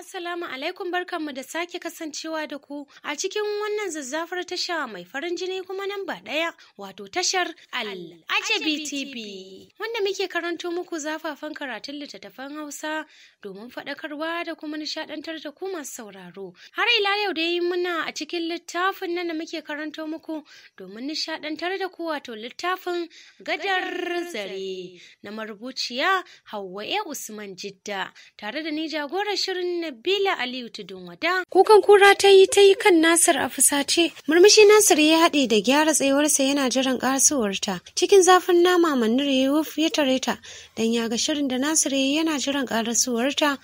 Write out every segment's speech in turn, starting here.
assalamu alaikum barkanmu da sake kasancewa da ku a cikin wannan zazzafar tasha mai farin jini kuma nan ba ɗaya wato tashar al'ajabi tv wanda muke karanto muku zafafan karatun littattafan hausa domin faɗakarwa da kuma nishaɗantar da ku masu sauraro har ila yau da yi muna a cikin littafin nan da muke karanto muku domin nishaɗantar da ku wato littafin gadar zare na marubuciya hauwa usman jidda tare da ni jagorar shirin Zainab Aliyu tudunwada Kukan kura ta yi ta yi kan Nasir a fusace. Murmushi Nasir ya haɗe da gyara tsayuwarsa yana jiran ƙarasuwarta. Cikin zafin nama mannur ya wuf ya tare ta. Dan ya ga shirin da Nasir ya yana jiran ƙarasuwarta.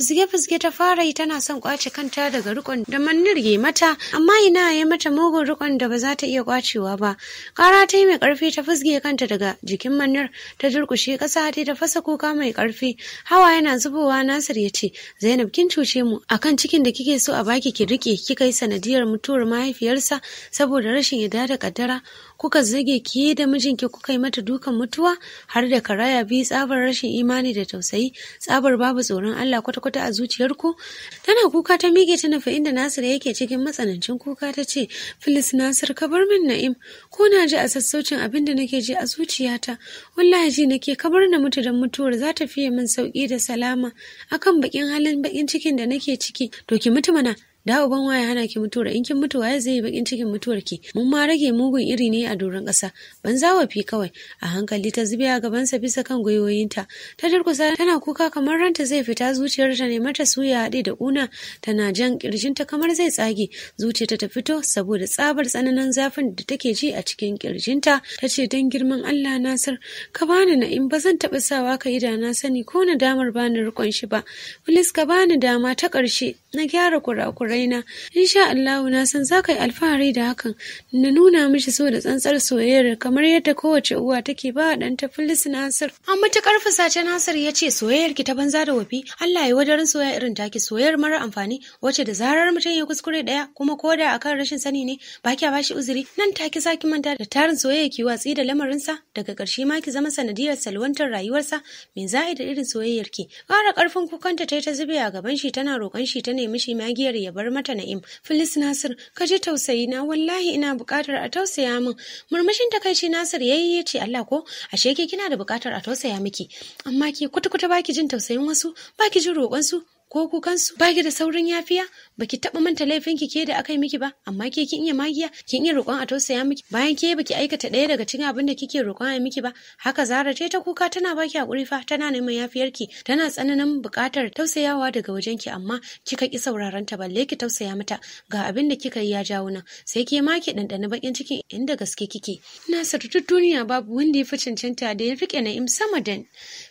fusge-fusge ta fara yi tana son kwace kanta daga rikon da manirge mata amma ina ya mata mugun rikon da ba za ta iya kwacewa ba kara ta yi mai karfi ta fusge kanta daga jikin manir ta durkushe kasa ta ta fasa kuka mai karfi hawa yana zubowa nasir ya ce zainab kin cuce mu akan cikin da kike so a baki ki rike kika yi sanadiyar mutuwar mahaifiyarsa saboda rashin yarda da kaddara kuka zage ke da mijinki kuka yi mata dukan mutuwa har da karaya biyu tsabar rashin imani da tausayi tsabar babu tsoron Allah kwata-kwata a zuciyarku tana kuka ta mige ta nufa inda Nasir yake cikin matsanancin kuka ta ce Filis Nasir ka bar min Na'im ko na ji a sassaucin abin da nake ji a zuciyata wallahi ji nake ka bar na mutu dan mutuwar za ta fiye min sauki da salama akan bakin halin bakin cikin da nake ciki to ki mutu mana da uban waya hana ki mutuwa? in kin mutu waye zai yi bakin cikin mutuwar ki mun ma rage mugun iri ne a doron ƙasa ban fi kawai a hankali ta zubiya a gabansa bisa kan gwiwoyinta ta durkusa tana kuka kamar ranta zai fita zuciyar ta ne mata suya haɗe da ƙuna tana jan ƙirjinta kamar zai tsage zuciyarta ta fito saboda tsabar tsananin zafin da take ji a cikin ƙirjinta ta ce don girman Allah Nasir ka bani na in ba zan taɓa sawa ka yi na sani ko na damar bani riƙon shi ba. Filis ka bani dama ta ƙarshe na gyara kurakura. raina insha Allahu na san za ka yi alfahari da hakan na nuna mishi so da tsantsar soyayyar kamar yadda kowace uwa take ba ɗanta Filis Nasir a matukar fusace Nasir ya ce soyayyar ki ta banza da wafi Allah ya wadarin soyayya irin taki soyayyar mara amfani wacce da zarar mutum ya kuskure ɗaya. kuma ko da akan rashin sani ne ba ki bashi uzuri nan take saki manta da tarin soyayya ki watsi da lamarinsa daga ƙarshe ma ki zama sanadiyar salwantar rayuwarsa me za'i da irin soyayyar ki ƙara ƙarfin kukanta ta ta zube a gaban shi tana roƙon shi ta nemi shi magiyar ya bar mata na'im filis nasir ka ji tausayi na wallahi ina bukatar a tausaya min murmushin takaici nasir yayi ya ce allah ko ashe ke kina da bukatar a tausaya miki amma ke kwata-kwata baki jin tausayin wasu baki jin roƙon su ko kukansu ba ki da saurin yafiya ba ki taɓa manta laifinki ke da aka yi miki ba amma ke kin iya magiya kin iya roƙon a tausaya miki bayan ke baki aikata ɗaya daga cikin abin da kike roƙon a miki ba haka zara ce ta kuka tana baki hakuri fa tana neman ki, tana tsananin buƙatar tausayawa daga ki, amma kika ki sauraron ta balle ki tausaya mata ga abin da kika yi ya jawo nan sai ke ma ki ɗanɗani baƙin cikin inda gaske kike ina duk duniya babu wanda ya fi cancanta da ya riƙe na'im sama da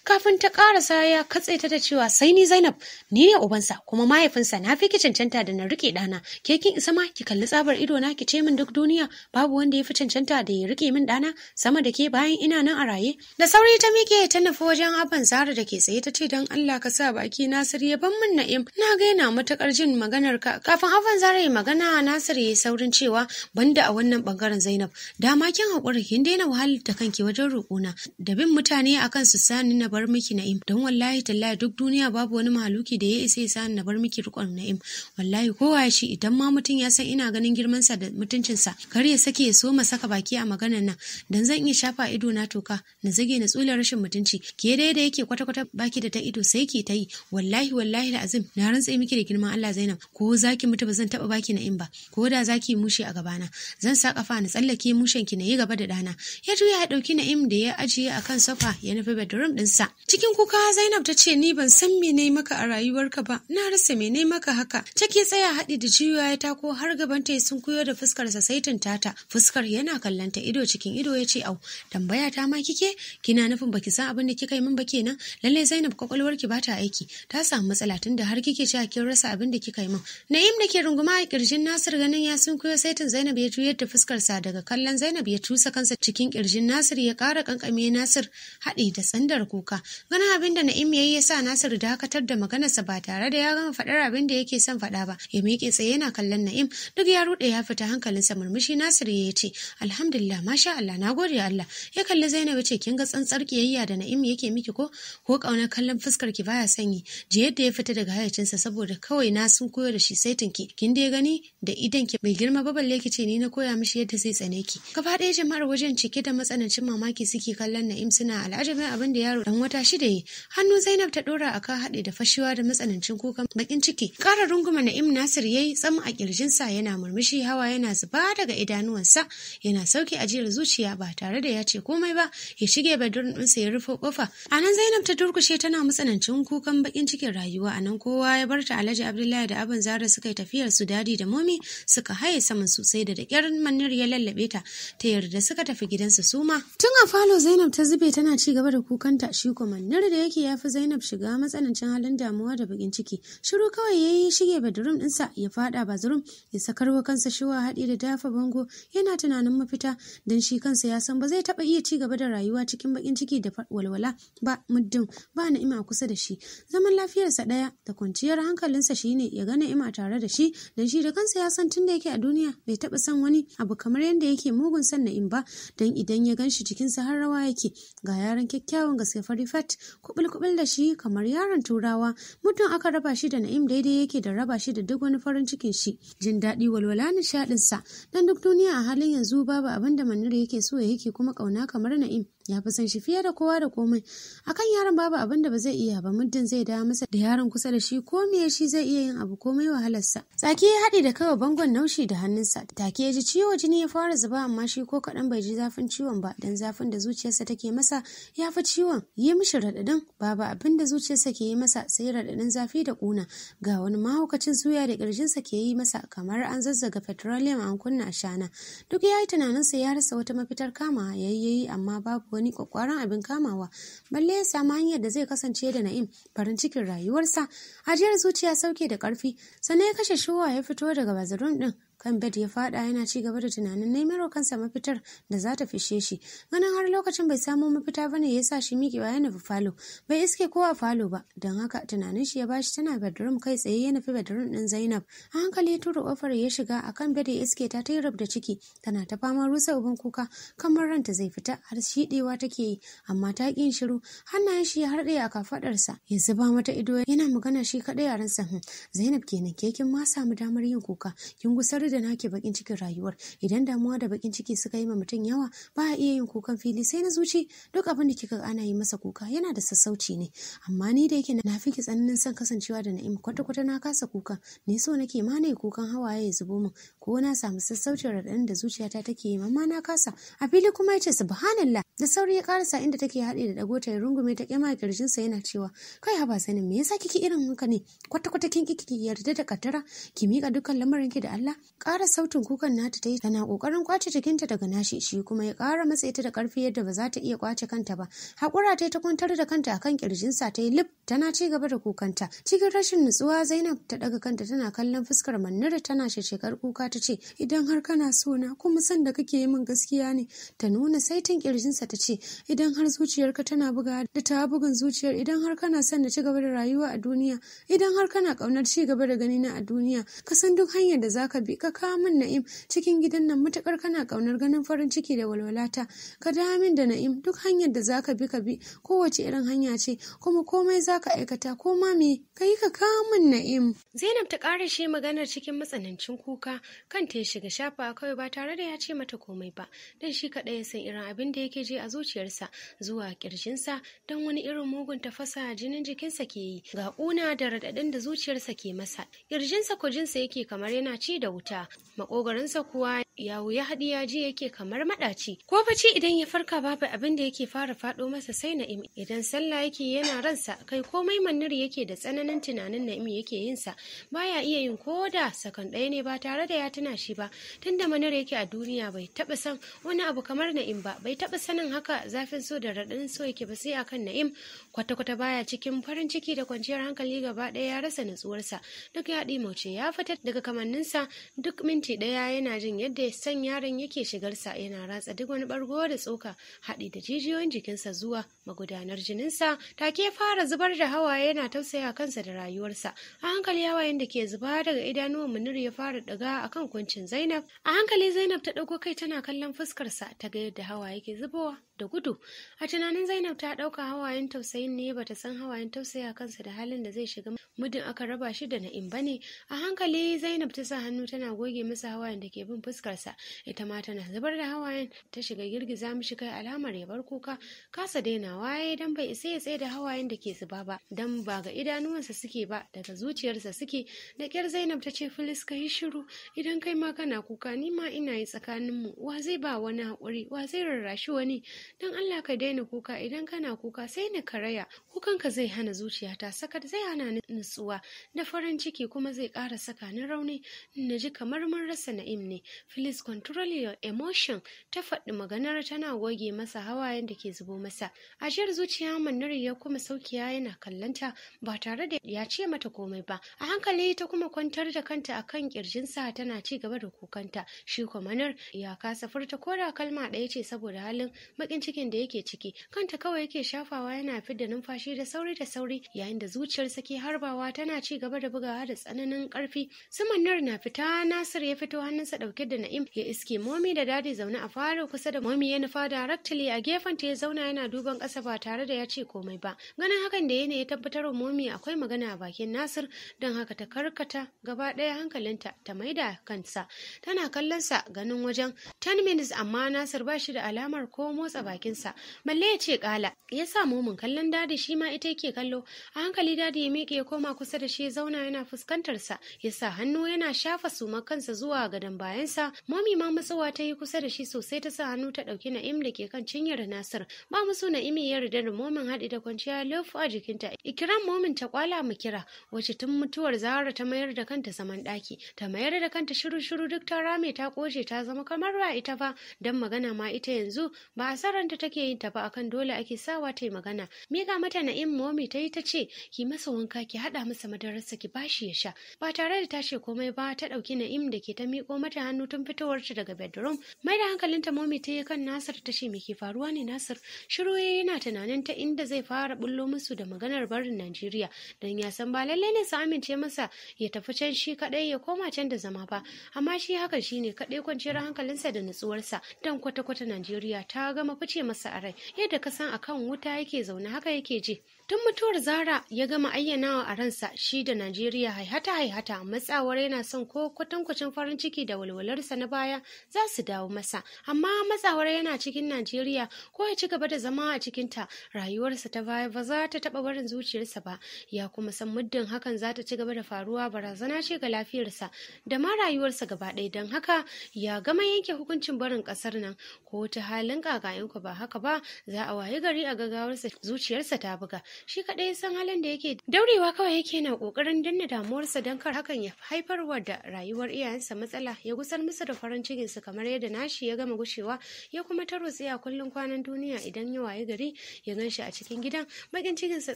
kafin ta ƙarasa ya katse ta da cewa sai ni Zainab ni ya ubansa kuma mahaifinsa na fi ki cancanta da na rike ɗana ke kin isa ma ki kalli tsabar ido na ki ce min duk duniya babu wanda ya fi cancanta da ya rike min ɗana sama da ke bayan ina nan a raye da sauri ta miƙe ta nufi wajen abban zara da ke tsaye ta ce don Allah ka sa baki Nasir ya ban min na'im na ga yana matakar jin maganar ka kafin abban zara ya magana Nasir ya yi saurin cewa banda a wannan bangaren Zainab dama kin haƙuri kin daina wahalar da kanki wajen roƙona da bin mutane akan su sani na bar miki na'im don wallahi tallahi duk duniya babu wani mahaluki da ya ya isa na bar miki rikon na'im wallahi kowa shi idan ma mutum ya san ina ganin girman sa da mutuncin sa kar ya sake ya ma saka baki a maganar nan dan zan iya shafa ido na toka na zage na tsula rashin mutunci ke dai da yake kwata kwata baki da ta ido sai ke ta yi wallahi wallahi da azim na rantsa miki da girman Allah Zainab ko zaki mutu ba zan taba baki na'im ba ko da zaki mushe a gabana zan sa kafa na tsallake mushen ki na yi gaba da dana ya juya ya dauki na'im da ya ajiye akan sofa ya nufi bedroom sa. cikin kuka Zainab ta ce ni ban san me ne maka a rayuwar barka ba na rasa mene maka haka take tsaya haɗi da jiwa ya tako har gaban ta sun kuyo da fuskar sa sai tata fuskar yana kallanta ido cikin ido ya ce au tambaya ta ma kike kina nufin baki san abin da kika yi min ba kenan lalle Zainab kwakwalwar ki bata aiki ta samu matsala tunda har kike cewa kin rasa abin da kika yi min Na'im da ke runguma a kirjin Nasir ganin ya sun kuyo sai Zainab ya juyar da fuskar sa daga kallon Zainab ya tusa kansa cikin kirjin Nasir ya kara kankame Nasir haɗi da tsandar kuka ganin abin da Na'im yayi ya sa Nasir dakatar da maganarsa ba tare da ya gama faɗar abin da yake son faɗa ba ya miƙe tsaye yana kallon Na'im duk ya ruɗe ya fita hankalinsa murmushi nasiru ya ce alhamdulillah masha Allah na gode Allah ya kalli Zainab ce kin ga tsantsar kiyayya da Na'im yake miki ko ko kauna kallon fuskar ki baya sanyi je yadda ya fita daga hayacinsa saboda kawai na sun koyo da shi saitin ki kin dai gani da idan ki bai girma ba balle ki ce ni na koya mishi yadda zai tsane ki gaba ɗaya jama'ar wajen cike da matsanancin mamaki suke kallon Na'im suna al'ajabin abin da yaro dan wata shida yi hannu Zainab ta dora akan haɗe da fashewa da matsanancin matsanancin kukan bakin ciki kara runguma na'im nasir ya yi tsam a ƙirjinsa yana murmushi hawa yana zuba daga idanuwansa yana sauke ajiyar zuciya ba tare da ya ce komai ba ya shige bedroom ɗinsa ya rufe kofa a nan zainab ta durkushe tana matsanancin kukan bakin cikin rayuwa a nan kowa ya barta alhaji abdullahi da abin zara suka yi tafiyar su dadi da momi suka haye saman sosai da da ƙyar manir ya lallabe ta ta yarda suka tafi gidansa su ma tun a falo zainab ta zube tana ci gaba da kukanta shi kuma manir da yake ya fi zainab shiga matsanancin halin damuwa da bakin ciki shiru kawai ya yi shige bedroom dinsa ya fada bathroom ya sakar wa kansa shiwa haɗi da dafa bango yana tunanin mafita don shi kansa ya san ba zai taba iya ci gaba da rayuwa cikin bakin ciki da walwala ba muddin ba na ima kusa da shi zaman lafiyarsa ɗaya da kwanciyar hankalinsa shi ne ya ga ima tare da shi don shi da kansa ya san tun da yake a duniya bai taba san wani abu kamar yadda yake mugun san na'im ba don idan ya gan shi sa har rawa yake ga yaran kyakkyawan gaske fari fat kubil kubil da shi kamar yaron turawa mutum aka raba shi da na'im daidai yake da raba shi da duk wani farin cikin shi jin daɗi walwala nishaɗinsa dan duk duniya a halin yanzu babu abin da manira yake so ya yake kuma ƙauna kamar na'im ya fi sanshi shi fiye da kowa da komai akan yaron babu abin da ba zai iya ba muddin zai dawo masa da yaron kusa da shi ko me shi zai iya yin abu komai wahalarsa tsaki ya haɗe da kawai bangon naushi da hannunsa take ya ji ciwo jini ya fara zuba amma shi ko kaɗan bai ji zafin ciwon ba dan zafin da zuciyarsa take masa ya fi ciwon yi mishi raɗaɗin babu abin da zuciyarsa ke yi masa sai raɗaɗin zafi da ƙuna ga wani mahaukacin suya da ƙirjinsa ke yi masa kamar an zazzaga petroleum an kunna ashana duk ya yi tunaninsa ya rasa wata mafitar kama yayyayi amma babu wani kwakwaran abin kamawa balle ya samu hanyar da zai kasance da na'im farin cikin rayuwarsa ajiyar zuciya sauke da karfi sannan ya kashe shuwa ya fito daga bazarun din kan bed ya faɗa yana ci gaba da tunanin nemero kansa mafitar da za ta fishe shi ganin har lokacin bai samo mafita ba ne ya sa shi miƙewa ya nufi falo bai iske ko a falo ba don haka tunanin shi ya bashi tana bedroom kai tsaye ya nufi bedroom ɗin zainab a hankali ya tura ofar ya shiga a kan bed ya iske ta ta da ciki tana ta fama rusa uban kuka kamar ranta zai fita har shiɗewa take yi amma ta ƙi yin shiru hannayen shi ya harɗe a kafaɗarsa ya zuba mata ido yana magana shi kaɗai a ransa hmm, zainab kenan ke kin ma samu damar yin kuka kin gusar duk da nake bakin cikin rayuwar idan damuwa da bakin ciki suka yi ma mutum yawa ba a iya yin kukan fili sai na zuci duk abin da kika ana yi masa kuka yana da sassauci ne amma ni da yake na fi ki tsananin son kasancewa da na'im kwata-kwata na kasa kuka ne so nake ma ne kukan hawaye ya zubo min ko na samu sassaucin raɗaɗin da zuciyata take yi ma na kasa a fili kuma ya ce subhanallah da sauri ya karasa inda take haɗe da dago ta rungume ta kyama kirjinsa yana cewa kai haba sanin me yasa kike irin haka ne kwata-kwata kin ki yarda da kattara ki miƙa dukkan lamarin ki da Allah kara sautin kukan nata ta yi tana kokarin kwace jikinta daga nashi shi kuma ya kara matse ta da karfi yadda ba za ta iya kwace kanta ba. Haƙura ta yi ta kwantar da kanta akan kirjinsa ta yi lif tana ci gaba da kukanta. Cikin rashin nutsuwa Zainab ta ɗaga kanta tana kallon fuskar Manira tana shekar kuka ta ce idan har kana so na kuma san da kake yi min gaskiya ne ta nuna saitin ƙirjinsa ta ce idan har zuciyarka tana buga da ta bugun zuciyar idan har kana son na ci gaba da rayuwa a duniya idan har kana kaunar ci gaba da ganina a duniya ka san duk hanyar da zaka bi ka ka kawo min na'im cikin gidan nan matukar kana kaunar ganin farin ciki da walwalata ka dawo min da na'im duk hanyar da zaka bi ka bi kowace irin hanya ce kuma komai zaka aikata ko ma me yi ka kawo min na'im Zainab ta ƙara shi maganar cikin matsanancin kuka kanta ya shiga shafa kawai ba tare da ya ce mata komai ba dan shi kaɗai ya san irin abin da yake je a zuciyarsa zuwa kirjinsa dan wani irin mugun tafasa jinin jikinsa ke yi ga ƙuna da raɗaɗin da zuciyarsa ke masa kirjinsa kujinsa yake kamar yana ci da wuta lafiya makogaransa kuwa ya wuya hadiya ji yake kamar madaci ko bacci idan ya farka babu abin da yake fara fado masa sai na'im idan sallah yake yana ransa kai komai manniri yake da tsananin tunanin na'im yake yin sa baya iya yin ko da sakan ɗaya ne ba tare da ya tuna shi ba tunda manir yake a duniya bai taba san wani abu kamar na'im ba bai taba sanin haka zafin so da raɗin so yake ba sai akan na'im kwata-kwata baya cikin farin ciki da kwanciyar hankali gaba ɗaya ya rasa natsuwarsa duk ya ɗi mauce ya fita daga kamanninsa duk minti ɗaya yana jin yadda san yaron yake shigarsa yana ratsa duk wani bargo da tsoka haɗi da jijiyoyin jikinsa zuwa magudanar jininsa take fara zubar da hawaye yana tausaya kansa da rayuwarsa a hankali hawayen da ke zuba daga idanuwan munir ya fara daga akan kuncin zainab a hankali zainab ta ɗauko kai tana kallon fuskarsa ta ga yadda hawa yake zubowa da gudu a tunanin zainab ta ɗauka hawayen tausayin ne bata san hawayen tausaya kansa da halin da zai shiga mudin aka raba shi da na'im ne. a hankali zainab ta sa hannu tana goge masa hawayen da ke bin fuskarsa ita ma tana zubar da hawayen ta shiga girgiza mishi kai alamar ya bar kuka kasa daina waye dan bai isa ya tsaye da hawayen da ke zuba ba dan ba ga idanuwansa suke ba daga zuciyarsa suke da kyar zainab ta ce filis ka yi shiru idan kai ma kana kuka ni ma ina yi tsakaninmu wa zai ba wani haƙuri wa zai rarrashi wani don Allah ka daina kuka idan kana kuka sai ni karaya kukanka zai hana zuciyata sakat zai hana ni nutsuwa na farin ciki kuma zai ƙara saka ni rauni na ji kamar mun rasa na'im ne please control your emotion ta faɗi maganar tana goge masa hawa da ke zubo masa ajiyar zuciya manuri ya kuma saukiya yana kallanta ba tare da ya ce mata komai ba a hankali ta kuma kwantar da kanta akan kirjinsa tana ci gaba da kukanta shi kwamanar ya kasa furta koda kalma ɗaya ce saboda halin bakin farin cikin da yake ciki kanta kawai yake shafawa yana fidda numfashi da sauri da sauri yayin da zuciyarsa ke harbawa tana ci gaba da bugawa da tsananin karfi sumannar na fita nasir ya fito hannunsa dauke da na'im ya iske momi da dadi zaune a faro kusa da momi ya nufa directly a gefen ta ya zauna yana duban kasa ba tare da ya ce komai ba ganin hakan da yana ya tabbatar wa momi akwai magana a bakin nasir don haka ta karkata gaba ɗaya hankalinta ta maida kansa tana kallonsa ganin wajen 10 minutes amma nasir ba shi da alamar ko motsa bakinsa balle ya ce kala ya sa momin kallon dadi shi ma ita yake kallo a hankali dadi ya miƙe ya koma kusa da shi ya zauna yana fuskantarsa ya sa hannu yana shafa sumar kansa zuwa gadon bayansa momi ma matsuwa ta yi kusa da shi sosai ta sa hannu ta ɗauki na'im da ke kan cinyar nasir ba musu na'imi ya yarda da momin haɗi da kwanciya lofu a jikinta ikiran momin ta kwala mu kira wacce tun mutuwar zahara ta mayar da kanta zaman ɗaki ta mayar da kanta shiru shiru duk ta rame ta koshe ta zama kamar ba ita fa don magana ma ita yanzu ba a sarar ranta take yin tafi akan dole ake sawa ta yi magana mika mata na'im momi ta yi ta ce ki masa wanka ki hada masa madararsa ki bashi ya sha ba tare da ta ce komai ba ta dauki na im da ke ta miƙo mata hannu tun fitowar ta daga bedroom mai da hankalinta momi ta yi kan nasir ta ce me ke faruwa ne nasir shiru yana tunanin ta inda zai fara bullo musu da maganar barin najeriya don ya san ba lallai ne su amince masa ya tafi can shi kadai ya koma can da zama ba amma shi hakan shine kadai kwanciyar hankalinsa da nutsuwarsa dan kwata-kwata najeriya ta gama ce masa a rai yadda ka san akan wuta yake zaune haka yake ji Tun mutuwar Zara ya gama ayyanawa a ransa shi da Najeriya haihata haihata matsawar yana son ko kwatankwacin farin ciki da walwalarsa na baya za su dawo masa. Amma matsawar yana cikin Najeriya ko ya ci gaba da zama a cikinta rayuwarsa ta baya ba za ta taɓa barin zuciyarsa ba. Ya kuma san muddin hakan za ta ci gaba da faruwa barazana ce ga lafiyarsa da ma rayuwarsa gaba ɗaya don haka ya gama yanke hukuncin barin ƙasar nan ko ta halin kakayanku ba haka ba za a wayi gari a gagawarsa zuciyarsa ta buga. shi kaɗai ya san halin da yake daurewa kawai yake na ƙoƙarin danna damuwarsa don kar hakan ya haifarwa da rayuwar iyayensa matsala ya gusar musu da farin cikinsu kamar yadda nashi ya gama gushewa ya kuma taro tsaya kullum kwanan duniya idan ya waye gari ya gan shi a cikin gidan bakin cikinsa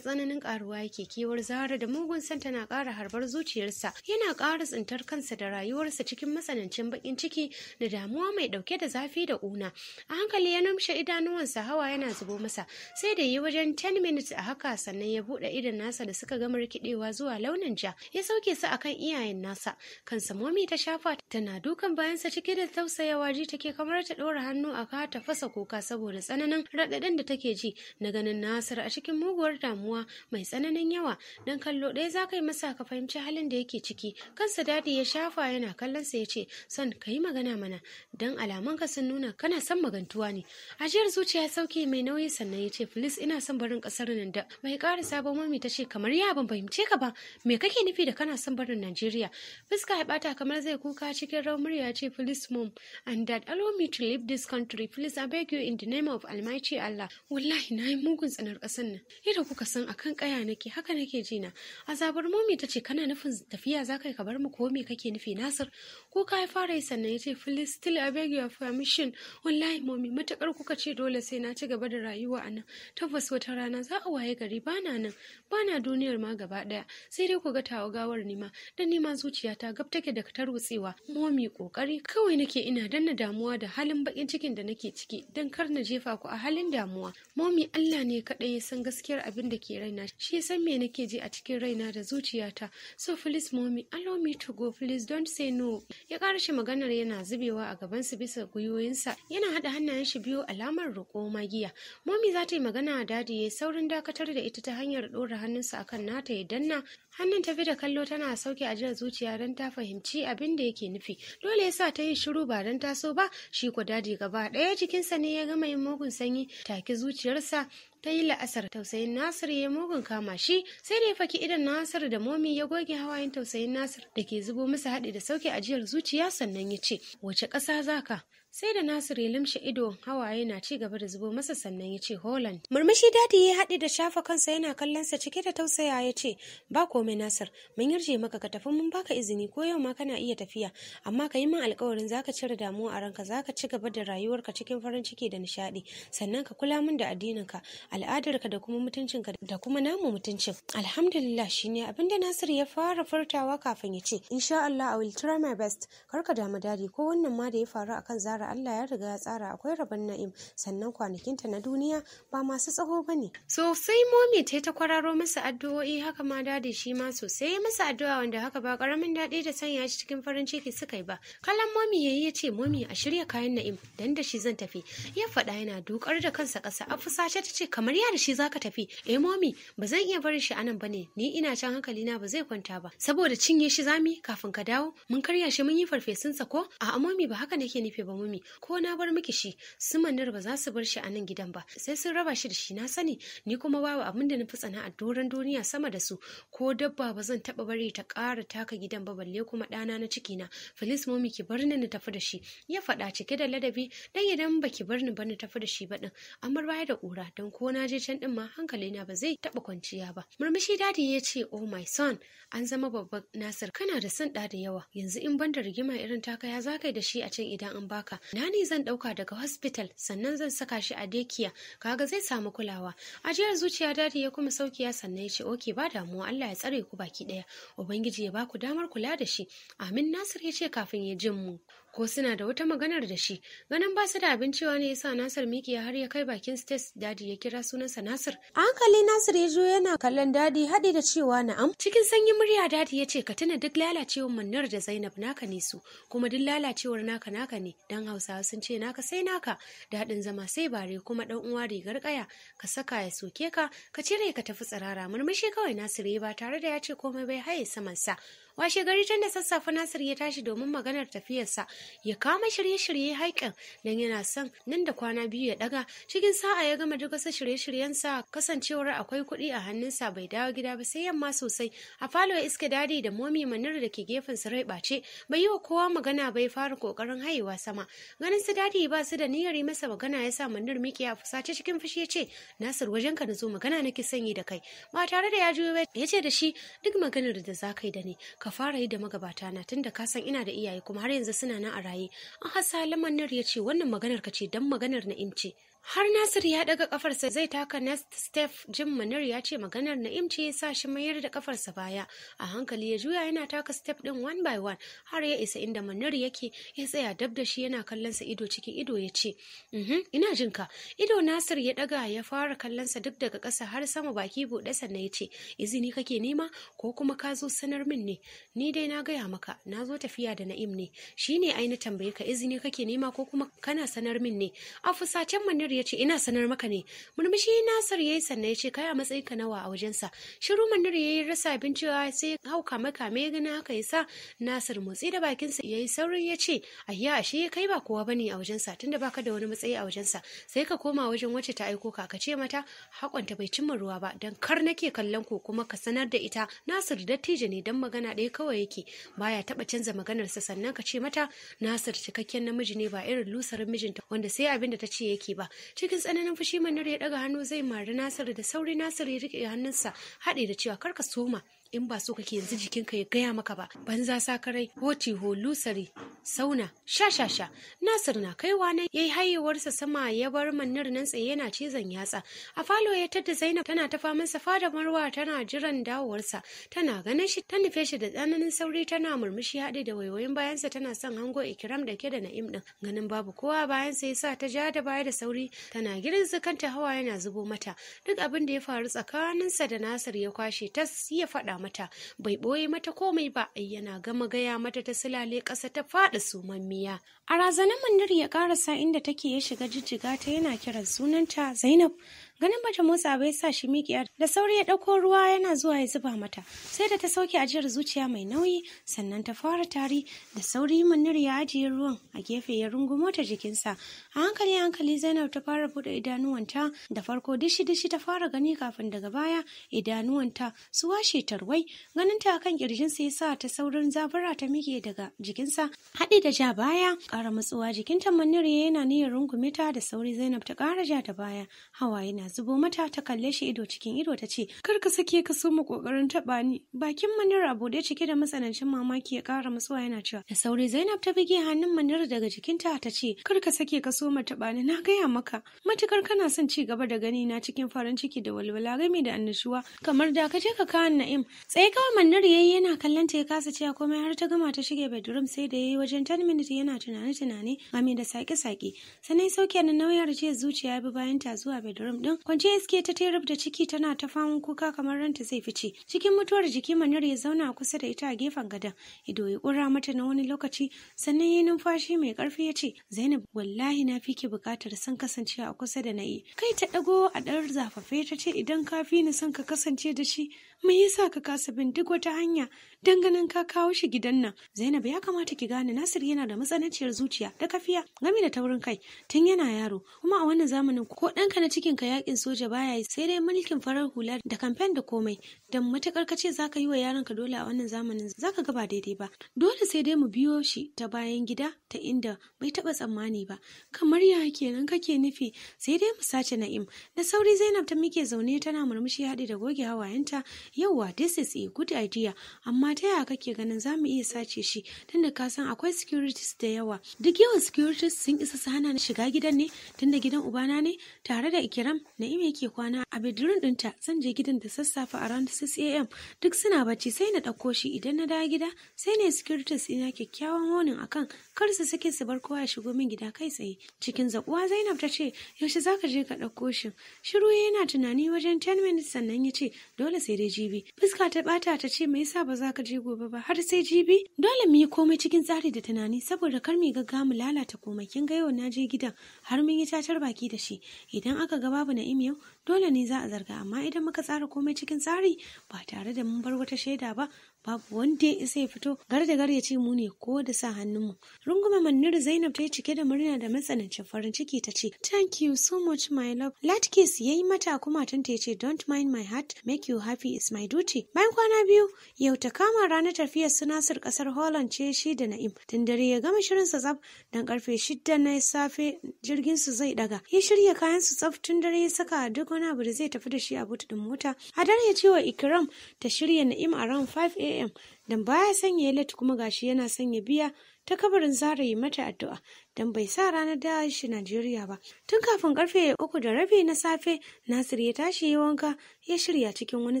tsananin ƙaruwa yake kewar zara da mugun san tana ƙara harbar zuciyarsa yana ƙara tsintar kansa da rayuwarsa cikin matsanancin bakin ciki da damuwa mai ɗauke da zafi da ƙuna a hankali ya numshe idanuwansa hawa yana zubo masa sai da yi wajen 10 minutes a haka sannan ya buɗe idon nasa da suka gama rikidewa zuwa launin ja ya sauke su akan iyayen nasa kansa momi ta shafa tana dukan bayansa cike da tausayawa ji take kamar ta ɗora hannu a ka ta fasa kuka saboda tsananin raɗaɗin da take ji na ganin nasir a cikin muguwar damuwa mai tsananin yawa dan kallo ɗaya za ka yi masa ka fahimci halin da yake ciki kansa dadi ya shafa yana kallon sa ya ce son ka yi magana mana dan alamanka sun nuna kana son magantuwa ne ajiyar zuciya sauke mai nauyi sannan ya ce filis ina son barin ƙasar nan da mai ƙara sabon mami ta ce kamar ya ban fahimce ka ba me kake nufi da kana son barin Najeriya. Fuska ya bata kamar zai kuka cikin rawar murya ce please mom and dad allow me to leave this country please I beg you in the name of Almighty Allah. Wallahi na yi mugun tsanar ƙasar nan. Yadda kuka san akan kaya nake haka nake jina. Azabar mami ta ce kana nufin tafiya za ka yi ka bar mu ko me kake nufi Nasir. Kuka ya fara yi sannan ya ce please still I beg your permission wallahi mami matakar kuka ce dole sai na ci gaba da rayuwa a nan tabbas wata rana za a waye gari bana nan bana duniyar ma gaba daya sai dai ku ga tawa gawar nima dan nima zuciyata gab take da tarwatsewa momi kokari kawai nake ina danna damuwa da halin bakin cikin da nake ciki dan kar na jefa ku a halin damuwa momi Allah ne kadai ya san gaskiyar abin da ke raina shi ya san me nake ji a cikin raina da zuciyata so please momi allow me to go please don't say no ya karashi maganar yana zubewa a gaban su bisa gwiwoyinsa yana hada hannayen shi biyu alamar roƙo magiya momi za ta yi magana dadi ya saurin dakatar da ita ta hanyar ɗora hannunsa akan nata ya danna hannun tafi da kallo tana sauke a ajiyar zuciya don ta fahimci abin da yake nufi dole yasa ta yi shiru ba don taso ba shi ko daji gaba ɗaya jikinsa ne ya gama yin mugun sanyi take zuciyarsa ta yi la'asar tausayin nasir ya mugun kama shi sai da ya faki idan nasir da momi ya goge hawayen tausayin nasir da ke zubo masa haɗi da sauke ajiyar zuciya sannan ya ce wace ƙasa zaka sai da Nasir ya limshe ido hawaye na ci gaba da zubo masa sannan ya ce Holland. Murmushi dadi ya haɗe da shafa kansa yana kallonsa cike da tausaya ya ce ba komai Nasir mun yarje maka ka tafi mun baka izini ko yau ma kana iya tafiya amma ka yi min alkawarin zaka cire damuwa a ranka zaka ci gaba da rayuwarka cikin farin ciki da nishaɗi sannan ka kula min da addininka al'adarka da kuma mutuncinka da kuma namu mutuncin. Alhamdulillah shine abin da Nasir ya fara furtawa kafin ya ce insha Allah I will try my best karka damu dadi ko wannan ma da ya faru akan Zara Zahra Allah ya riga ya tsara akwai rabon na'im sannan kwanakinta na duniya ba masu tsaho ba ne. Sosai momi ta ta kwararo masa addu'o'i haka ma dadi shi ma sosai ya masa addu'a wanda haka ba karamin daɗi da sanya shi cikin farin ciki suka yi ba. Kalan momi yayi ya ce momi a shirya kayan na'im dan da shi zan tafi. Ya faɗa yana dukar da kansa ƙasa a fusace ta ce kamar ya da shi zaka tafi. Eh momi ba zan iya barin shi anan ne, ni ina can hankalina ba zai kwanta ba saboda cinye shi zami kafin ka dawo mun karya shi mun yi farfesunsa ko a'a momi ba haka nake nufi ba momi ko na bar miki shi su manar ba za su bar shi a nan gidan ba sai sun raba shi da shi na sani ni kuma babu abin da na fi tsana a doron duniya sama da su ko dabba ba zan taba bari ta kara taka gidan ba balle kuma ɗana na ciki na filis momi ki bar ni na tafi da shi ya faɗa cike da ladabi dan idan baki bar ni ba na tafi da shi ba din amma baya da ƙura don ko na je can din ma hankali na ba zai taba kwanciya ba murmushi dadi ya ce oh my son an zama babban nasir kana da son da yawa yanzu in banda rigima irin taka ya zakai da shi a can idan an baka na ne zan ɗauka daga hospital sannan zan saka shi a dekiya kaga zai samu kulawa ajiyar zuciya dadi ya kuma saukiya sannan ya ce oke ba damuwa Allah ya tsare ku baki ɗaya ubangiji ya baku damar kula da shi amin nasir ya ce kafin ya jin mu ko suna da wata maganar da shi ganin ba su da abin cewa ne yasa Nasir miki ya har ya kai bakin stage dadi ya kira sunansa Nasir a hankali Nasir ya zo yana kallon dadi haɗi da cewa na'am cikin sanyin murya dadi ya ce ka tuna duk lalacewar mannar da Zainab naka ne su kuma duk lalacewar naka naka ne dan Hausawa sun ce naka sai naka dadin zama sai bare kuma ɗan uwa rigar kaya ka saka ya soke ka ka cire ka tafi tsirara murmushi kawai Nasir ya ba tare da ya ce komai bai haye samansa washe gari tun da sassafe nasir ya tashi domin maganar tafiyarsa ya kama shirye-shirye haikan don yana son nan da kwana biyu ya daga cikin sa'a ya gama duk wasu shirye-shiryensa kasancewar akwai kuɗi a hannunsa bai dawo gida ba sai yamma sosai a falo ya iska dadi da momi manar da ke gefen su rai bace bai yi wa kowa magana bai fara kokarin haihuwa sama ganin su dadi ba su da niyyar yi masa magana ya sa manar miki a fusace cikin fushi ya ce nasir wajen ka na zo magana nake sanyi da kai ba tare da ya juyo ya ce da shi duk maganar da za ka yi da ni ka fara yi da magabata na tunda ka san ina da iyaye kuma har yanzu suna nan a raye an hasa lamanar ya ce wannan maganar ka ce don maganar na in ce Har Nasir ya daga kafarsa zai taka next step Jim Munir ya ce maganar Na'im ya sa shi mayar da kafarsa baya. A hankali ya juya yana taka step din one by one har ya isa inda Munir yake ya tsaya dab da shi yana kallon sa ido cikin ido ya ce, "Mhm, ina jin ka." Ido Nasir ya daga ya fara kallon sa duk daga ƙasa har sama baki buɗe sannan ya ce, "Izini kake nema ko kuma ka zo sanar min ne? Ni dai na gaya maka, na zo tafiya da Na'im ne. Shine ai na tambaye ka izini kake nema ko kuma kana sanar min ne?" A fusacen Munir ya ce ina sanar maka ne murmushi nasar ya yi sannan ya ce kai a matsayin ka nawa a wajensa shiru ya yi rasa binciwa sai ya hau kame kame ya gani haka ya sa nasar motsi da bakinsa yi saurin ya ce ayya ashe kai ba kowa bane a wajensa tun tunda baka da wani matsayi a wajensa sai ka koma wajen wacce ta aiko ka ka ce mata hakonta bai cimma ruwa ba dan kar nake kallon ku kuma ka sanar da ita Nasir dattijo ne dan magana ɗaya kawai yake baya taɓa canza maganarsa sannan ka ce mata Nasir cikakken namiji ne ba irin lusarin mijinta wanda sai abin da ta ce yake ba cikin tsananin fushi manar ya daga hannu zai mari Nasiru da sauri Nasiru ya rike hannunsa haɗe da cewa karka soma in ba so kake yanzu jikinka ya gaya maka ba banza sakarai hoti holusari sauna sha sha sha nasir na kaiwa na yayi hayewarsa sama ya bar mannar nan tsaye yana cizon yatsa a falo ya tadda zainab tana ta faman safa marwa tana jiran dawowarsa tana ganin shi ta nufe shi da tsananin sauri tana murmushi haɗe da waiwayin bayansa tana son hango ikiram da ke da na'im din ganin babu kowa bayansa ya sa ta ja da baya da sauri tana girinsa kanta hawa yana zubo mata duk abin da ya faru tsakaninsa da nasir ya kwashe tas ya faɗa mata bai ɓoye mata komai ba yana gama gaya mata ta silale ƙasa ta faɗi sumammiya a razanin mandir ya ƙarasa inda take ya shiga jijjiga ta yana kiran sunanta zainab ganin bata motsa bai sa shi miƙiya da sauri ya ɗauko ruwa yana zuwa ya zuba mata sai da ta sauke ajiyar zuciya mai nauyi sannan ta fara tari da sauri munir ya ajiye ruwan a gefe ya rungumo ta jikinsa a hankali hankali zainab ta fara buɗe idanuwanta da farko dishi dishi ta fara gani kafin daga baya idanuwanta su washe tarwai ganin ta akan kirjinsa ya sa ta saurin zabura ta miƙe daga jikinsa haɗi da ja baya ƙara matsuwa jikinta munir yana niyyar rungume ta da sauri zainab ta kara ja ta baya hawa yana na zubo mata ta kalle shi ido cikin ido ta ce kar ka sake ka so mu kokarin taba ni bakin manira a bude cike da matsanancin mamaki ya kara matsuwa yana cewa da sauri Zainab ta bige hannun manira daga jikinta ta ce kar ka sake ka so mu taba ni na gaya maka matukar kana son ci gaba da gani na cikin farin ciki da walwala game da annashuwa kamar da ka je ka kawo Na'im tsaye kawai manira yayi yana kallon ta ya kasa cewa komai har ta gama ta shige bedroom sai da yayi wajen 10 minutes yana tunane tunani game da sake sake sanai sauke na nauyar ce zuciya bi bayan ta zuwa bedroom din nan kwance iske ta terub da ciki tana ta faman kuka kamar ranta zai fice cikin mutuwar jiki manar ya zauna kusa da ita a gefen gadon ido ya kura mata na wani lokaci sannan ya numfashi mai karfi ya ce zainab wallahi na fi ke bukatar san kasance a kusa da na'i kai ta dago a ɗan zafafe ta ce idan ka fi ni san ka kasance da shi me yasa ka kasa bin duk wata hanya dan ganin ka kawo shi gidan nan Zainab ya kamata ki gane Nasir yana da matsananciyar zuciya da kafiya game da taurin kai tun yana yaro kuma a wannan zamanin ko ɗanka na cikin ka yakin soja baya yi sai dai mulkin farar hula da kamfen da komai dan matakar kace zaka yi wa ka dole a wannan zamanin zaka ga ba daidai ba dole sai dai mu biyo shi ta bayan gida ta inda bai taba tsammani ba kamar ya kenan kake nufi sai dai mu sace Na'im da sauri Zainab ta muke zaune tana murmushi haɗi da goge hawayenta yauwa this is a good idea amma ta yaya kake ganin za mu iya sace shi tunda ka san akwai securities da yawa duk yawan securities sun isa su hana shiga gidan ne tunda gidan ubana ne tare da ikiram ime yake kwana a bedroom dinta zan je gidan da sassafe around 6 am duk suna bacci sai na ɗauko shi idan na dawo gida sai ne securities ina kyakkyawan honin akan kar su sake su bar kowa ya shigo min gida kai tsaye cikin zakuwa zainab ta ce yaushe za ka je ka ɗauko shi shiru yana tunani wajen 10 minutes sannan ya ce dole sai dai jibi fuska ta bata ta ce me yasa ba za ka je gobe ba har sai jibi dole mu yi komai cikin tsari da tunani saboda kar mu gagga mu lalata komai kin ga yau na je gidan har mun yi tatar baki da shi idan aka ga babu na'im yau dole ne za a zarga amma idan muka tsara komai cikin tsari ba tare da mun bar wata shaida ba babu wanda ya isa ya fito gar da gar ya ce mu ne ko da sa hannunmu runguma manniru zainab ta yi cike da murna da matsanancin farin ciki ta ce thank you so much my love latkis ya yi mata kuma tanta ce don't mind my heart make you happy is my duty bayan kwana biyu yau ta kama ranar tafiyar su nasir kasar holland ce shi da na'im tun dare ya gama shirin sa tsaf dan karfe shida na safe jirgin su zai daga ya shirya kayan su tsaf tun dare ya saka duk wani abu da zai tafi da shi a bututun mota. A dare ya ce wa ikram ta shirya na'im a ran 5 a am dan baya sanya ya kuma gashi yana sanya biya ta kabarin zara yi mata addu'a don bai sa ranar da shi Najeriya ba. Tun kafin karfe uku da rabi na safe, Nasir ya tashi yi wanka ya shirya cikin wani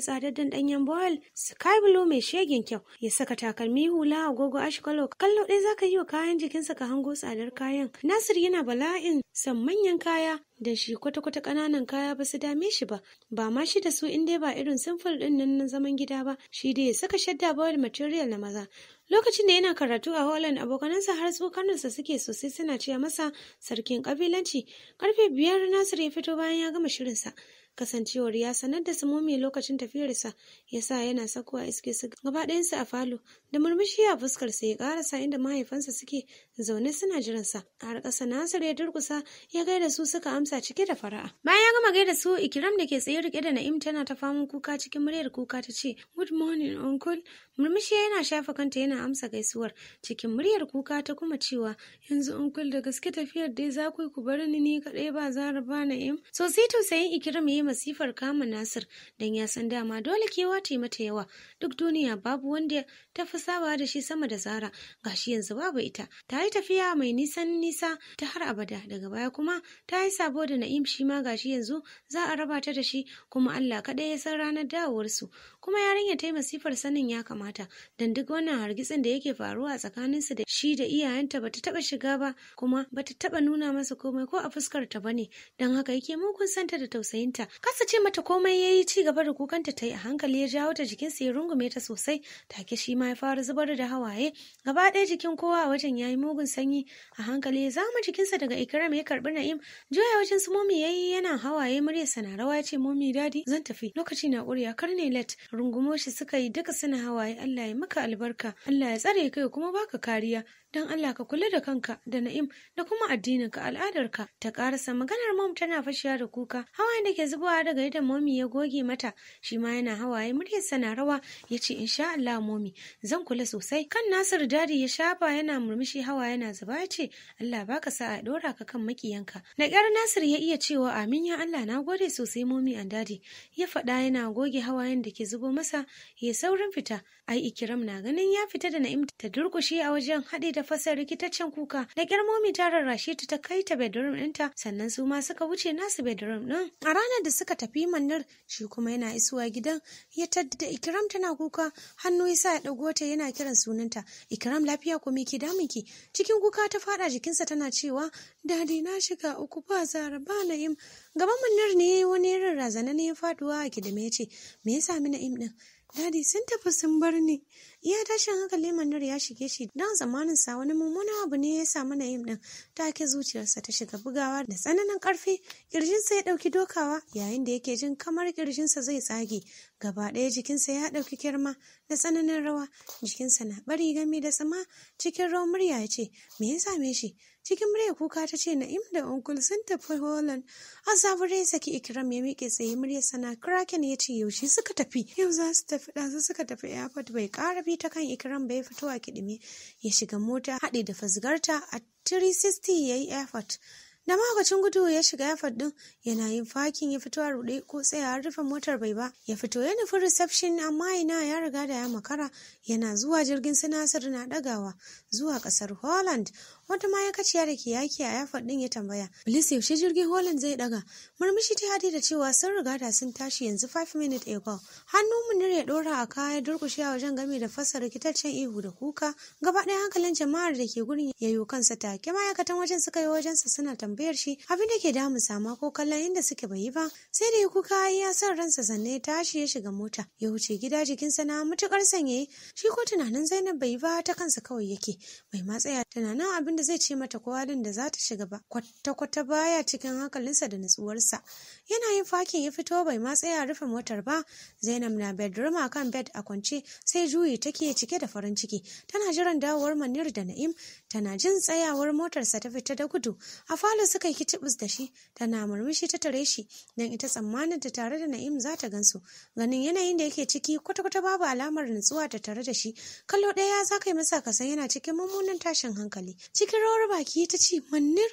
tsadaddan ɗanyen boil sky blue mai shegen kyau ya saka takalmi hula agogo ashkalo kallo ɗaya ka yi wa kayan jikinsa ka hango tsadar kayan nasir yana bala'in san manyan kaya da shi kwata-kwata ƙananan kaya ba su dame shi ba ba ma shi da su in dai ba irin simfil ɗin nan na zaman gida ba shi dai ya saka shadda boil material na maza Lokacin da yana karatu a Holland, abokanansa har tsokanarsa suke sosai suna cewa masa sarkin kabilanci. Karfe biyar Nasir ya fito bayan ya gama shirinsa. Kasancewar ya sanar da samomi lokacin tafiyarsa, ya sa yana sakuwa iske su gaba ɗayansu a falo da murmushi a fuskar sa ya karasa inda mahaifansa suke zaune suna jiran sa har ƙasa Nasir ya durkusa ya gaida su suka amsa cike da fara'a bayan ya gama gaida su Ikram da ke tsaye rike da Na'im tana ta faman kuka cikin muryar kuka ta ce good morning uncle murmushi yana shafa kanta yana amsa gaisuwar cikin muryar kuka ta kuma cewa yanzu uncle da gaske tafiyar dai za ku ku bar ni ni kadai ba zara ba Na'im so sai tausayin Ikram yayi masifar kama Nasir dan ya san dama dole kewa ta yi mata yawa duk duniya babu wanda ta fi sabawa da shi sama da Zara gashi yanzu babu ita ta yi tafiya mai nisan nisa ta har abada daga baya kuma ta yi sabo da Na'im shi ma gashi yanzu za a raba ta da shi kuma Allah kaɗai ya san ranar dawowarsu kuma yarinya ta yi masifar sanin ya kamata don duk wannan hargitsin da yake faruwa tsakaninsu da shi da iyayenta bata taba shiga ba kuma bata taba nuna masa komai ko a fuskar ta bane don haka yake mugun santa da tausayinta kasa ce mata komai yayi ci gaba da kukanta ta yi a hankali ya jawo ta jikinsa ya rungume ta sosai take shi ma ya fara zubar da hawaye gaba ɗaya jikin kowa a wajen ya yi mugun sanyi a hankali ya zama jikinsa daga ikram ya karbi na'im juya wajen su momi yayi yana hawaye muryarsa na rawa ya ce momi dadi zan tafi lokaci na ƙuriya kar ne let rungumoshi suka yi duka suna hawaye Allah ya maka albarka Allah ya tsare kai kuma baka kariya don Allah ka kula da kanka da na'im da kuma addinin ka al'adar ka ta karasa maganar mom tana fashiya da kuka hawaye da ke zubawa daga idan momi ya goge mata shi ma yana hawaye muryarsa na rawa ya ce insha Allah momi zan kula sosai kan Nasir dadi ya shafa yana murmushi hawa yana zuba ya ce Allah baka sa a dora ka kan makiyanka da ƙyar Nasir ya iya cewa amin ya Allah na gode sosai momi an dadi ya faɗa yana goge hawayen da ke zubo masa ya saurin fita ai ikiram na ganin ya fita da na'im ta durƙushe a wajen haɗe da fasa rikitaccen kuka da kyar ta rarrashe ta ta kai ta bedroom ɗinta sannan su ma suka wuce nasu bedroom ɗin a ranar da suka tafi mannar shi kuma yana isuwa gidan ya tadda ikiram tana kuka hannu yasa ya dago ta yana kiran sunanta ikiram lafiya ko miki ke damun ki cikin kuka ta faɗa jikinsa tana cewa dadi na shiga uku ba zara ba na yim. gaban mannar ne wani irin razana ne ya faduwa a kidame ya ce me yasa mi im ɗin Dadi sun tafi sun bar ni. Iya tashin hankali Manar ya shige shi Nan zamanin sa wani mummunan abu ne ya samu mana yin Ta Take zuciyarsa ta shiga bugawa da tsananin karfi, kirjinsa ya ɗauki dokawa yayin da yake jin kamar kirjinsa zai tsage. Gaba ɗaya jikinsa ya ɗauki kirma da tsananin rawa, jikinsa na bari game da sama cikin rawar murya ya ce, "Me ya same shi?" Cikin murya kuka ta ce Na'im da onkul sun tafi Holland. Azabure saki ikiram ya miƙe tsaye murya sana Kraken ya ce yaushe suka tafi. Yau za su tafi ɗazu suka tafi airport bai ƙara bi ta kan Ikram bai fito a kiɗime ya shiga mota haɗe da fasgarta a 360 ya yi airport. da makwacin gudu ya shiga ya ɗin, yana yin fakin ya fito a ruɗe ko tsaye a rufe motar bai ba ya fito ya nufi reception amma ina ya riga da ya makara yana zuwa jirgin sinasar na ɗagawa zuwa ƙasar holland wata ma'aikaciya da ke yaki a yafar din ya tambaya bilis yaushe jirgin holland zai daga murmushi ta hadi da cewa sun riga da sun tashi yanzu 5 minute ago hannu munir ya dora a kaya durkushe a wajen game da fasa rikitaccen ihu da kuka gaba ɗaya hankalin jama'ar da ke gurin ya yi kansa take ma'aikatan wajen suka yi wajensa suna tambayar shi abin da ke damu sama ko kallon inda suke bai yi ba sai da ya kuka ya san ransa sanne ya tashi ya shiga mota ya wuce gida jikinsa na matukar sanye shi ko tunanin zainab bai yi ba ta kansa kawai yake bai matsaya tunanin abin wanda zai ce mata ko halin da za ta shiga ba kwata-kwata baya cikin hankalinsa da nutsuwarsa yana yin fakin ya fito bai ma tsaya rufe motar ba zainab na bedroom akan bed a kwance sai juyi take cike da farin ciki tana jiran dawowar manir da na'im tana jin tsayawar motarsa ta fita da gudu a falo suka yi kitibus da shi tana murmushi ta tare shi don ita tsammanin ta tare da na'im za ta gansu ganin yanayin da yake ciki kwata-kwata babu alamar nutsuwa ta tare da shi kallo ɗaya za ka yi masa kasan yana cikin mummunan tashin hankali cikin rawar baki ta ce mannir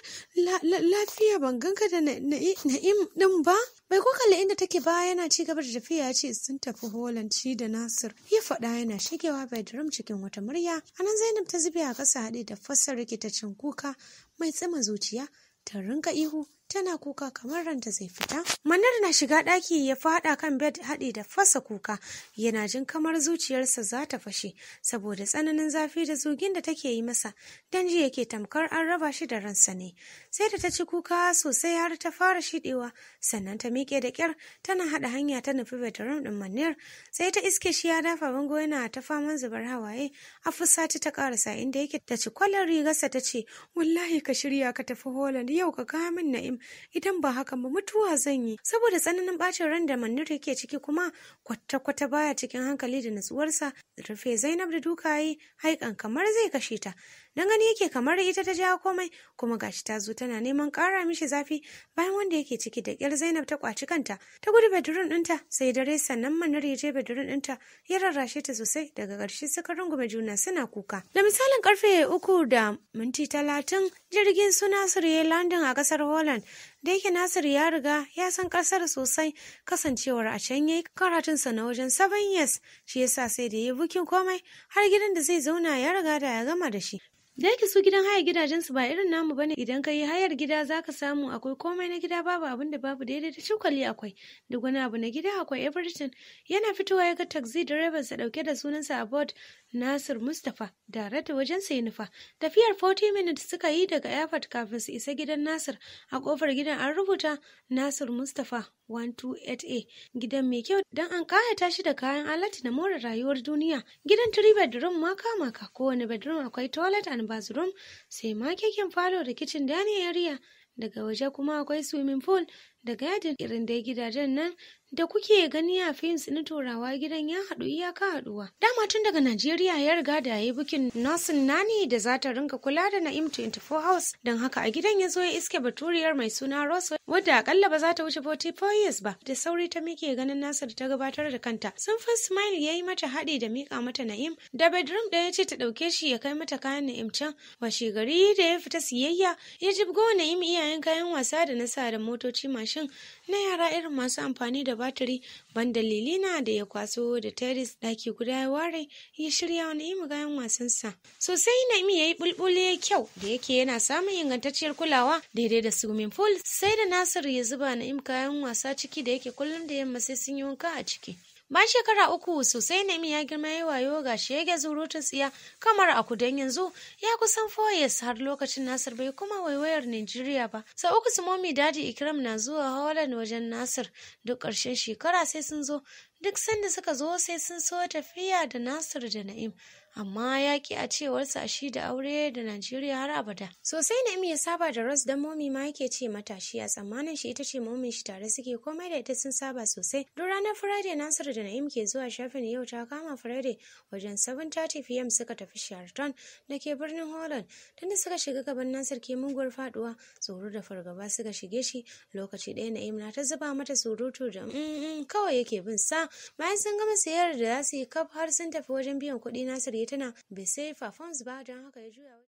lafiya ban ganka da na'im ɗin ba Bai ko Kalle inda take baya yana ci gaba da tafiya ce sun tafi Holanci ci da Nasir. Ya faɗa yana shigewa bedroom cikin wata murya. Anan Zainab ta zube a ƙasa haɗe da fassar rikitaccen kuka mai tsima zuciya ta rinka ihu tana kuka kamar ranta zai fita. Manar na shiga ɗaki ya faɗa kan bed haɗi da fasa kuka yana jin kamar zuciyarsa za ta fashe saboda tsananin zafi da zugin da take yi masa dan ji yake tamkar an raba shi da ransa ne. Sai da ta ci kuka sosai har ta fara shiɗewa sannan ta miƙe da ƙyar tana haɗa hanya ta nufi bedroom ɗin Manar sai ta iske shi ya dafa bango yana ta faman zubar hawaye a fusati ta ƙarasa inda yake ta ci kwalar rigarsa ta ce wallahi ka shirya ka tafi Holland yau ka kawo min na'im idan ba hakan ba mutuwa zan yi saboda tsananin bacin ran da manir yake ciki kuma kwata-kwata baya cikin hankali da natsuwarsa rufe zainab da duka haikan kamar zai kashe ta don gani yake kamar ita ta jawo komai kuma gashi ta zo tana neman kara mishi zafi bayan wanda yake ciki da ƙyar zainab ta kwaci kanta ta gudu bedroom ɗinta sai dare sannan manar ya je bedroom ɗinta ya rarrashe ta sosai daga ƙarshe suka rungume juna suna kuka da misalin karfe uku da minti talatin jirgin su nasiru ya landin a ƙasar holland da yake nasiru ya riga ya san kasar sosai kasancewar a can ya yi karatun sa na wajen seven years shi yasa sai da yi bukin komai har gidan da zai zauna ya riga da ya gama da shi Da yake su gidan haya gidajensu ba irin namu bane idan ka yi hayar gida za ka samu akwai komai na gida babu abin da babu daidai da cokali akwai duk wani abu na gida akwai everything yana fitowa ya ga taxi driver sa dauke da sunansa a board Nasir Mustapha da rata wajen sai Tafiyar 40 minutes suka yi daga airport kafin su isa gidan Nasir. A kofar gidan an rubuta Nasir Mustapha 128A. Gidan mai kyau don an ƙayata shi da kayan alati na more rayuwar duniya. Gidan 3 bedroom ma maka ka kowane bedroom akwai toilet and bathroom sai ma keken falo da kitchen dining area. Daga waje kuma akwai swimming pool da gadin irin dai gidajen nan da kuke gani a films na turawa gidan ya haɗu iyaka haɗuwa. Dama tun daga Najeriya ya riga da ya yi bukin Nelson Nani da za ta rinka kula da Na'im 24 House don haka a gidan ya zo ya iske baturiyar mai suna rosa wadda akalla ba za ta wuce 44 years ba da sauri ta mike ganin nasa da ta gabatar da kanta. Sun fi smile ya yi mata haɗi da mika mata Na'im da bedroom ɗaya ce ta ɗauke shi ya kai mata kayan Na'im can washe gari da ya fita siyayya ya jibgo Na'im iyayen kayan wasa da na sa da motoci mashi Shin na yara irin masu amfani da batiri ban dalili na da ya kwaso da teris ɗaki guda ya ware ya shirya wani yi mugayen wasansa sosai na ya yi bulbule kyau da yake yana samun ingantacciyar kulawa daidai da swimming pool sai da Nasiru ya zuba na kayan wasa ciki da yake kullum da yamma sai sun yi wanka a ciki Bayan shekara uku sosai ne ya girma ya wayo ga shi ya zurutun tsiya kamar a kudan yanzu ya kusan foyes har lokacin Nasir bai kuma waiwayar Najeriya ba. Sau uku su momi daji Ikram na zuwa Holland wajen Nasir duk ƙarshen shekara sai sun zo duk sanda suka zo sai sun so tafiya da Nasir da Na'im. amma ya ki a cewarsa shi da aure da Najeriya har abada. Sosai Na'im ya saba da ross don momi ma yake ce mata shi a tsammanin shi ita ce momin shi tare suke komai da ita sun saba sosai. Duk ranar Friday Nasir da Na'im ke zuwa shafin yau ta kama Friday wajen 7:30 PM suka tafi Sheraton da ke birnin Holland. Tunda suka shiga gaban Nasir ke muguwar faduwa tsoro da fargaba suka shige shi lokaci ɗaya Na'im na ta zuba mata surutu da kawai yake bin sa bayan sun gama sayar da za su yi kaf har sun tafi wajen biyan kuɗi Nasir tana bai sai fafons ba don haka ya juya